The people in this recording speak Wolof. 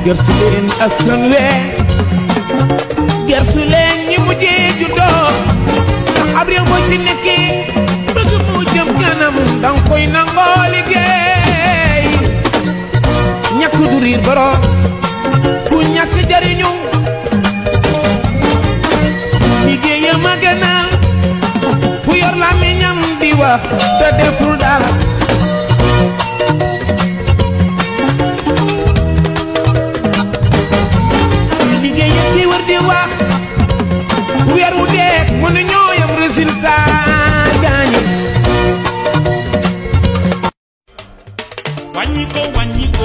Gersulen leen askan we gersu leen ñi mujjee juddoo ndax ab réew boo ci nekkee bëgg mu jëm kanam dang koy nangoo liggéey ñàkk du riir borom ku ñàkk jariñu liggéeyam a gënal ku yor làmmiñam di wax te deful dara defaru deeg mënu ñoo yam résultat gaañu wàññi ko wàññi